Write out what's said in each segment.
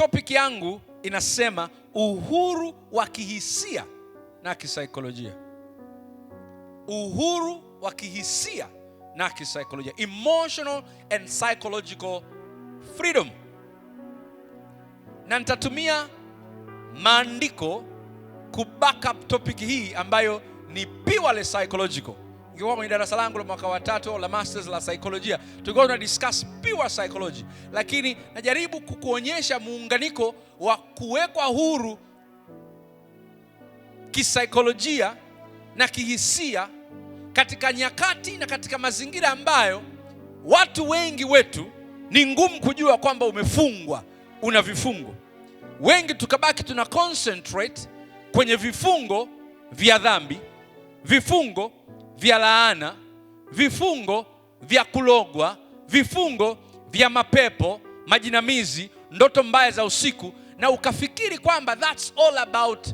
topic yangu inasema uhuru wa kihisia na kisaikolojia. Uhuru wa kihisia na kisaikolojia, emotional and psychological freedom, na nitatumia maandiko kubackup topic hii ambayo ni purely psychological. Ningekuwa kwenye darasa langu la mwaka wa tatu la masters la psychology tulikuwa tuna discuss pure psychology, lakini najaribu kukuonyesha muunganiko wa kuwekwa huru kisaikolojia na kihisia katika nyakati na katika mazingira ambayo watu wengi wetu ni ngumu kujua kwamba umefungwa, una vifungo. Wengi tukabaki tuna concentrate kwenye vifungo vya dhambi, vifungo vya laana, vifungo vya kulogwa, vifungo vya mapepo, majinamizi, ndoto mbaya za usiku, na ukafikiri kwamba that's all about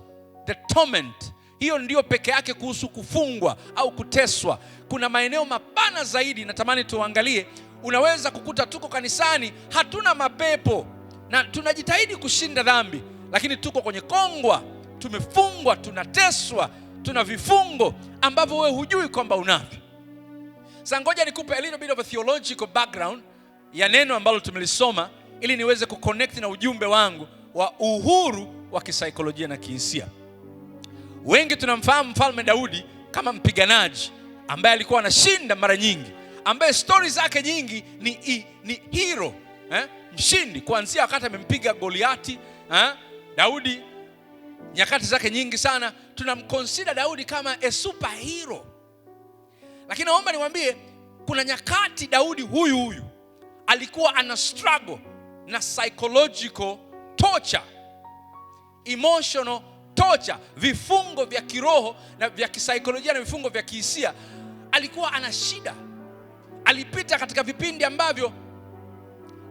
the torment. Hiyo ndiyo peke yake kuhusu kufungwa au kuteswa. Kuna maeneo mapana zaidi natamani tuangalie. Unaweza kukuta tuko kanisani hatuna mapepo na tunajitahidi kushinda dhambi, lakini tuko kwenye kongwa, tumefungwa, tunateswa tuna vifungo ambavyo wewe hujui kwamba unavyo. Sasa ngoja nikupe a little bit of a theological background ya neno ambalo tumelisoma ili niweze kuconnect na ujumbe wangu wa uhuru wa kisaikolojia na kihisia. Wengi tunamfahamu Mfalme Daudi kama mpiganaji ambaye alikuwa anashinda mara nyingi, ambaye stori zake nyingi ni, ni hero eh? Mshindi kuanzia wakati amempiga Goliati eh? Daudi nyakati zake nyingi sana tunamkonsida Daudi kama a superhero, lakini naomba niwaambie, kuna nyakati Daudi huyu huyu alikuwa ana struggle na psychological torture, emotional torture, vifungo vya kiroho na vya kisaikolojia na vifungo vya kihisia. Alikuwa ana shida, alipita katika vipindi ambavyo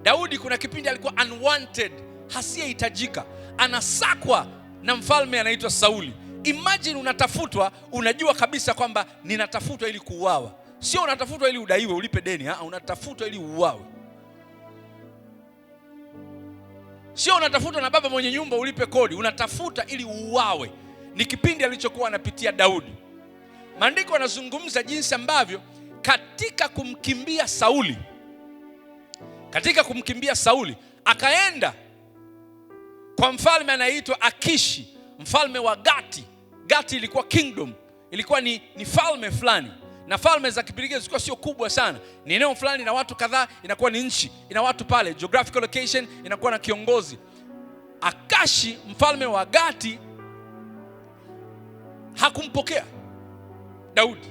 Daudi, kuna kipindi alikuwa unwanted, hasiyehitajika, anasakwa na mfalme anaitwa Sauli. Imagine unatafutwa, unajua kabisa kwamba ninatafutwa ili kuuawa, sio unatafutwa ili udaiwe ulipe deni. Ah, unatafutwa ili uuawe, sio unatafutwa na baba mwenye nyumba ulipe kodi, unatafuta ili uuawe. Ni kipindi alichokuwa anapitia Daudi. Maandiko anazungumza jinsi ambavyo katika kumkimbia Sauli, katika kumkimbia Sauli akaenda kwa mfalme anayeitwa Akishi, mfalme wa Gati. Gati ilikuwa kingdom, ilikuwa ni, ni falme fulani, na falme za kipindi kile zilikuwa sio kubwa sana, ni eneo fulani na watu kadhaa, inakuwa ni nchi, ina watu pale, geographical location inakuwa na kiongozi. Akashi mfalme wa Gati hakumpokea Daudi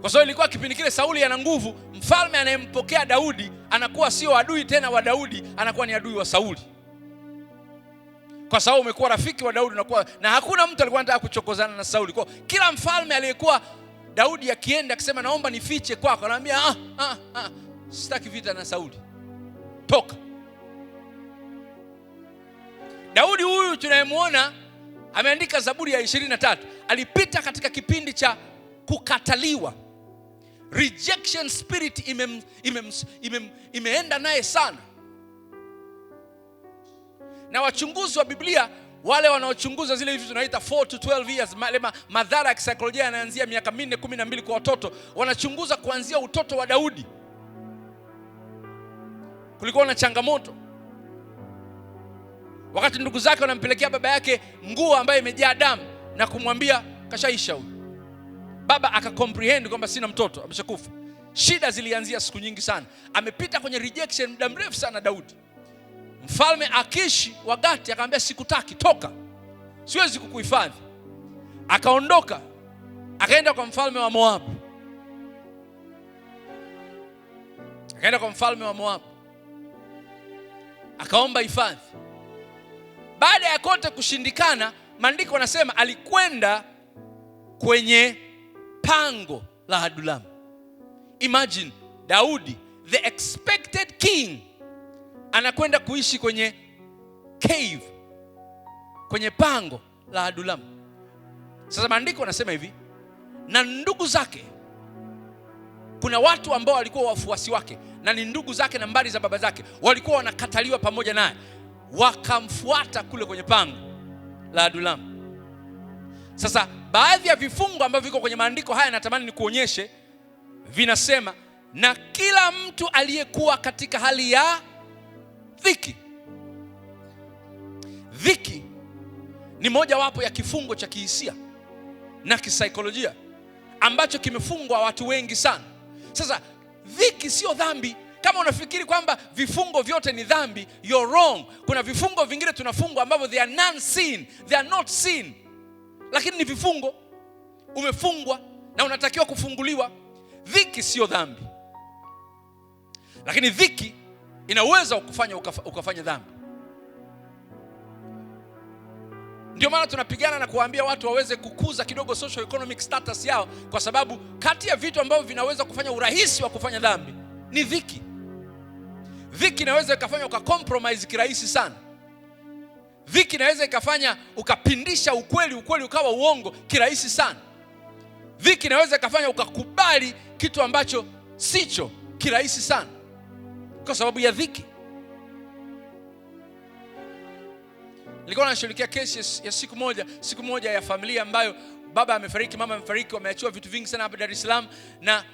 kwa sababu ilikuwa kipindi kile Sauli ana nguvu. Mfalme anayempokea Daudi anakuwa sio adui tena wa Daudi, anakuwa ni adui wa Sauli kwa sababu umekuwa rafiki wa Daudi unakuwa, na hakuna mtu alikuwa anataka kuchokozana na Sauli. Kwa kila mfalme aliyekuwa Daudi akienda akisema naomba nifiche kwako, anamwambia ah, ah, ah, sitaki vita na Sauli, toka. Daudi huyu tunayemwona ameandika Zaburi ya 23 alipita katika kipindi cha kukataliwa. Rejection spirit imem, imem, ime, imeenda naye sana na wachunguzi wa Biblia wale wanaochunguza zile vitu tunaita 4 to 12 years, madhara ya kisaikolojia yanaanzia miaka minne kumi na mbili kwa watoto. Wanachunguza kuanzia utoto wa Daudi, kulikuwa na changamoto wakati ndugu zake wanampelekea baba yake nguo ambayo imejaa damu na kumwambia kashaisha huyu. Baba akakomprehend kwamba sina mtoto, ameshakufa. Shida zilianzia siku nyingi sana, amepita kwenye rejection muda mrefu sana Daudi. Mfalme Akishi wa Gati akamwambia, sikutaki, toka, siwezi kukuhifadhi. Akaondoka akaenda kwa mfalme wa Moabu, akaenda kwa mfalme wa Moabu akaomba hifadhi. Baada ya kote kushindikana, maandiko anasema alikwenda kwenye pango la Adulamu. Imagine Daudi, the expected king anakwenda kuishi kwenye cave, kwenye pango la Adulam. Sasa maandiko anasema hivi, na ndugu zake, kuna watu ambao walikuwa wafuasi wake na ni ndugu zake na mbari za baba zake, walikuwa wanakataliwa pamoja naye, wakamfuata kule kwenye pango la Adulam. Sasa baadhi ya vifungo ambavyo viko kwenye maandiko haya natamani ni kuonyeshe, vinasema na kila mtu aliyekuwa katika hali ya dhiki. Dhiki ni mojawapo ya kifungo cha kihisia na kisaikolojia ambacho kimefungwa watu wengi sana. Sasa dhiki sio dhambi. Kama unafikiri kwamba vifungo vyote ni dhambi, you're wrong. Kuna vifungo vingine tunafungwa ambavyo they are non sin, they are not sin, lakini ni vifungo. Umefungwa na unatakiwa kufunguliwa. Dhiki sio dhambi, lakini dhiki inaweza ukufanya ukafanya dhambi. Ndio maana tunapigana na kuwaambia watu waweze kukuza kidogo social economic status yao, kwa sababu kati ya vitu ambavyo vinaweza kufanya urahisi wa kufanya dhambi ni dhiki. Dhiki inaweza ikafanya ukakompromise kirahisi sana. Dhiki inaweza ikafanya ukapindisha ukweli, ukweli ukawa uongo kirahisi sana. Dhiki inaweza ikafanya ukakubali kitu ambacho sicho kirahisi sana kwa sababu ya dhiki. Nilikuwa nashughulikia kesi ya siku moja, siku moja ya familia ambayo baba amefariki, mama amefariki, wameachiwa vitu vingi sana hapa Dar es Salaam, na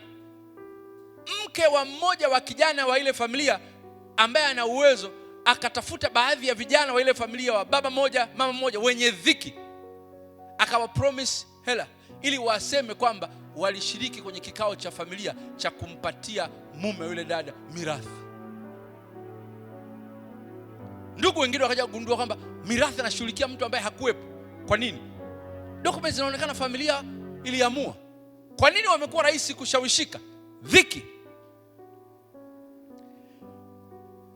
mke wa mmoja wa kijana wa ile familia ambaye ana uwezo akatafuta baadhi ya vijana wa ile familia wa baba moja mama moja wenye dhiki, akawa promise hela ili waseme kwamba walishiriki kwenye kikao cha familia cha kumpatia mume yule dada mirathi. Ndugu wengine wakaja kugundua kwamba mirathi anashughulikia mtu ambaye hakuwepo. Kwa nini? Documents zinaonekana, familia iliamua. Kwa nini wamekuwa rahisi kushawishika? Dhiki.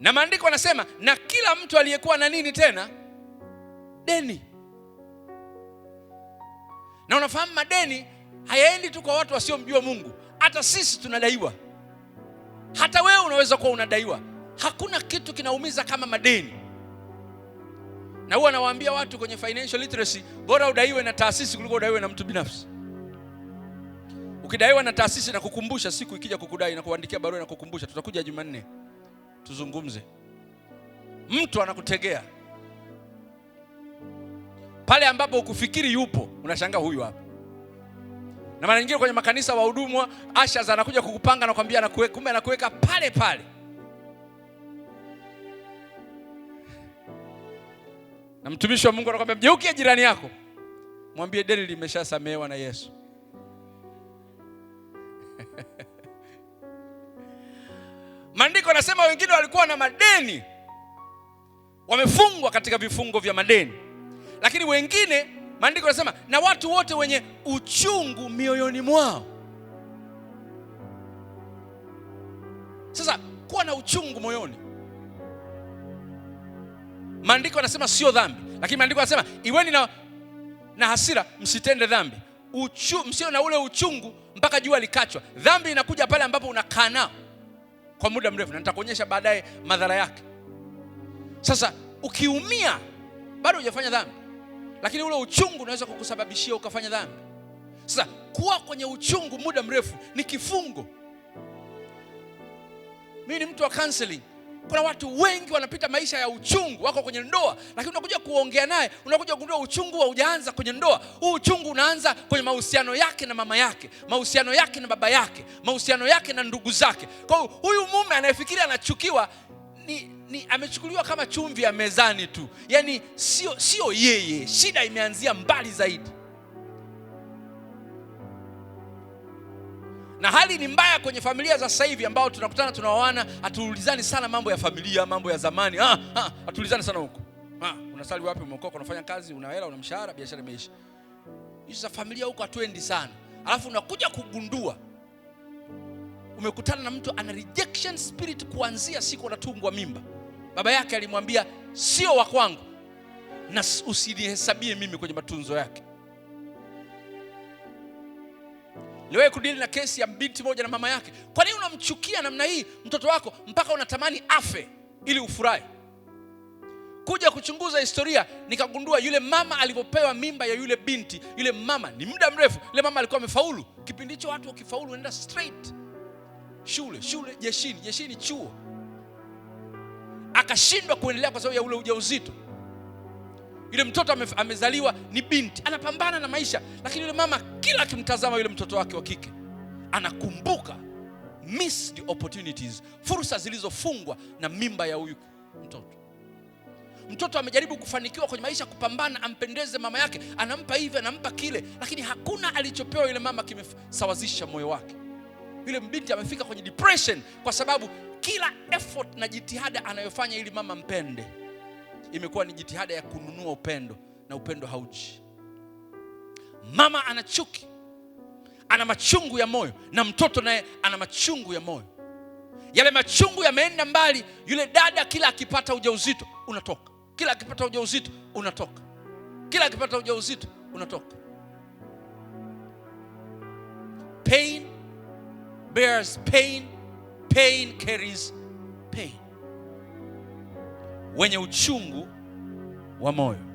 Na maandiko anasema, na kila mtu aliyekuwa na nini tena? Deni. Na unafahamu madeni hayaendi tu kwa watu wasiomjua Mungu, hata sisi tunadaiwa. Hata wewe unaweza kuwa unadaiwa. Hakuna kitu kinaumiza kama madeni na huwa nawaambia watu kwenye financial literacy, bora udaiwe na taasisi kuliko udaiwe na mtu binafsi. Ukidaiwa na taasisi na kukumbusha, siku ikija kukudai na kuandikia barua na kukumbusha, tutakuja Jumanne tuzungumze. Mtu anakutegea pale ambapo ukufikiri yupo, unashangaa huyu hapa. Na mara nyingine kwenye makanisa, wahudumu asha anakuja kukupanga na kukwambia, kumbe anakuweka pale pale. Na mtumishi wa Mungu anakuambia mgeukie jirani yako, mwambie deni limeshasamehewa na Yesu. Maandiko anasema wengine walikuwa na madeni, wamefungwa katika vifungo vya madeni, lakini wengine, maandiko anasema na watu wote wenye uchungu mioyoni mwao. Sasa kuwa na uchungu moyoni Maandiko yanasema sio dhambi, lakini maandiko yanasema iweni na, na hasira msitende dhambi, msio na ule uchungu mpaka jua likachwa. Dhambi inakuja pale ambapo unakaa nao kwa muda mrefu, na nitakuonyesha baadaye madhara yake. Sasa ukiumia bado hujafanya dhambi, lakini ule uchungu unaweza kukusababishia ukafanya dhambi. Sasa kuwa kwenye uchungu muda mrefu ni kifungo. Mimi ni mtu wa counseling kuna watu wengi wanapita maisha ya uchungu, wako kwenye ndoa, lakini unakuja kuongea naye, unakuja kugundua uchungu haujaanza kwenye ndoa. Huu uchungu unaanza kwenye mahusiano yake na mama yake, mahusiano yake na baba yake, mahusiano yake na ndugu zake. Kwa hiyo huyu mume anayefikiri anachukiwa ni, ni amechukuliwa kama chumvi ya mezani tu, yaani sio sio yeye, shida imeanzia mbali zaidi. na hali ni mbaya kwenye familia za sasa hivi, ambao tunakutana tunaoana, hatuulizani sana mambo ya familia, mambo ya zamani, ah, ah, hatuulizani sana huko. Ah, unasali wapi? Umeokoka? Unafanya kazi? Una hela? Una mshahara? Biashara imeisha. Hizo za familia huko hatuendi sana, alafu unakuja kugundua umekutana na mtu ana rejection spirit kuanzia siku anatungwa mimba. Baba yake alimwambia sio wa kwangu, na usinihesabie mimi kwenye matunzo yake. Niliwahi kudili na kesi ya binti moja na mama yake. Kwa nini unamchukia namna hii mtoto wako mpaka unatamani afe ili ufurahi? Kuja kuchunguza historia, nikagundua yule mama alivyopewa mimba ya yule binti, yule mama ni muda mrefu, yule mama alikuwa amefaulu. Kipindi hicho watu wakifaulu wanaenda straight shule, shule, jeshini, jeshini, chuo. Akashindwa kuendelea kwa sababu ya ule ujauzito. Yule mtoto amezaliwa ni binti, anapambana na maisha, lakini yule mama kila akimtazama yule mtoto wake wa kike anakumbuka missed opportunities, fursa zilizofungwa na mimba ya huyu mtoto. Mtoto amejaribu kufanikiwa kwenye maisha, kupambana ampendeze mama yake, anampa hivi, anampa kile, lakini hakuna alichopewa yule mama kimesawazisha moyo wake. Yule binti amefika kwenye depression kwa sababu kila effort na jitihada anayofanya ili mama mpende imekuwa ni jitihada ya kununua upendo na upendo hauji. Mama ana chuki, ana machungu ya moyo, na mtoto naye ana machungu ya moyo. Yale machungu yameenda mbali. Yule dada kila akipata ujauzito unatoka, kila akipata ujauzito unatoka, kila akipata ujauzito unatoka. Pain bears pain, pain carries pain wenye uchungu wa moyo.